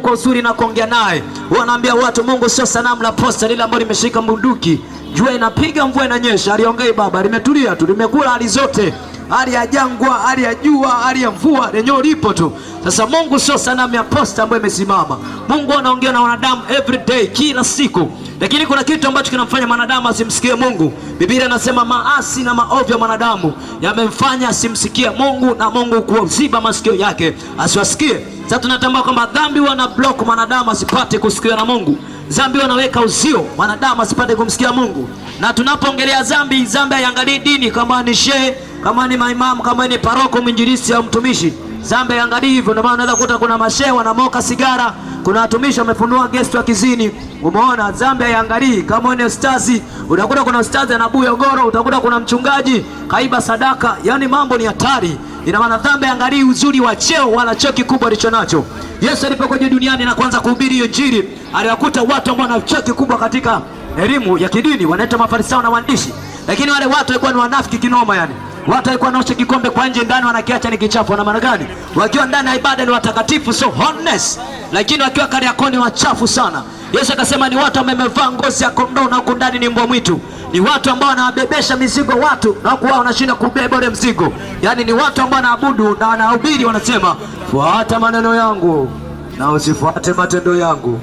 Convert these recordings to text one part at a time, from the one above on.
Kwa uzuri na kuongea naye, wanaambia watu Mungu sio sanamu la posta lile ambalo limeshika bunduki, jua inapiga, mvua inanyesha, aliongei baba, limetulia tu, limekula hali zote hali ya jangwa, hali ya jua, hali ya mvua, lenyewe lipo tu. Sasa Mungu sio sanamu ya posta ambayo imesimama. Mungu anaongea na wanadamu every day, kila siku, lakini kuna kitu ambacho kinamfanya mwanadamu asimsikie Mungu. Biblia inasema maasi na maovu ya mwanadamu yamemfanya asimsikie Mungu na Mungu kuziba masikio yake asiwasikie. Sasa tunatambua kwamba dhambi wana block mwanadamu asipate kusikia na Mungu. Dhambi wanaweka uzio mwanadamu asipate kumsikia Mungu, na tunapoongelea dhambi, dhambi haiangalii dini kama ni shehe kama ni maimamu, kama ni paroko, mwinjilisti au mtumishi. Zambia angalii hivyo, ndio maana unaweza kukuta kuna mashehe wanamoka sigara, kuna watumishi wamefunua gesti wa kizini. Umeona, Zambia angalii. Kama ni ustazi, utakuta kuna ustazi anabuya goro, utakuta kuna mchungaji kaiba sadaka. Yani mambo ni hatari. Ina maana Zambia angalii uzuri wa cheo wala cheo kikubwa alicho nacho. Yesu alipokuja duniani na kuanza kuhubiri hiyo Injili, aliwakuta watu ambao wana cheo kikubwa katika elimu ya kidini, wanaitwa Mafarisayo na waandishi, lakini wale watu walikuwa ni wanafiki kinoma yani Watu walikuwa wanaosha kikombe kwa nje, ndani wanakiacha ni kichafu. Na maana gani? Wakiwa ndani ya ibada ni watakatifu, so honest, lakini wakiwa Kariakoni wachafu sana. Yesu akasema ni watu ambao wamevaa ngozi ya kondoo na huku ndani ni mbwa mwitu. Ni watu ambao wanawabebesha mizigo watu na huku wao wanashinda kubeba ule mzigo. Yaani ni watu ambao wanaabudu na wanahubiri, wanasema fuata maneno yangu na usifuate matendo yangu.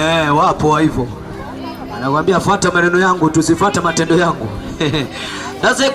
Eh, wapo wa hivyo. Anakuambia fuata maneno yangu, tusifuate matendo yangu.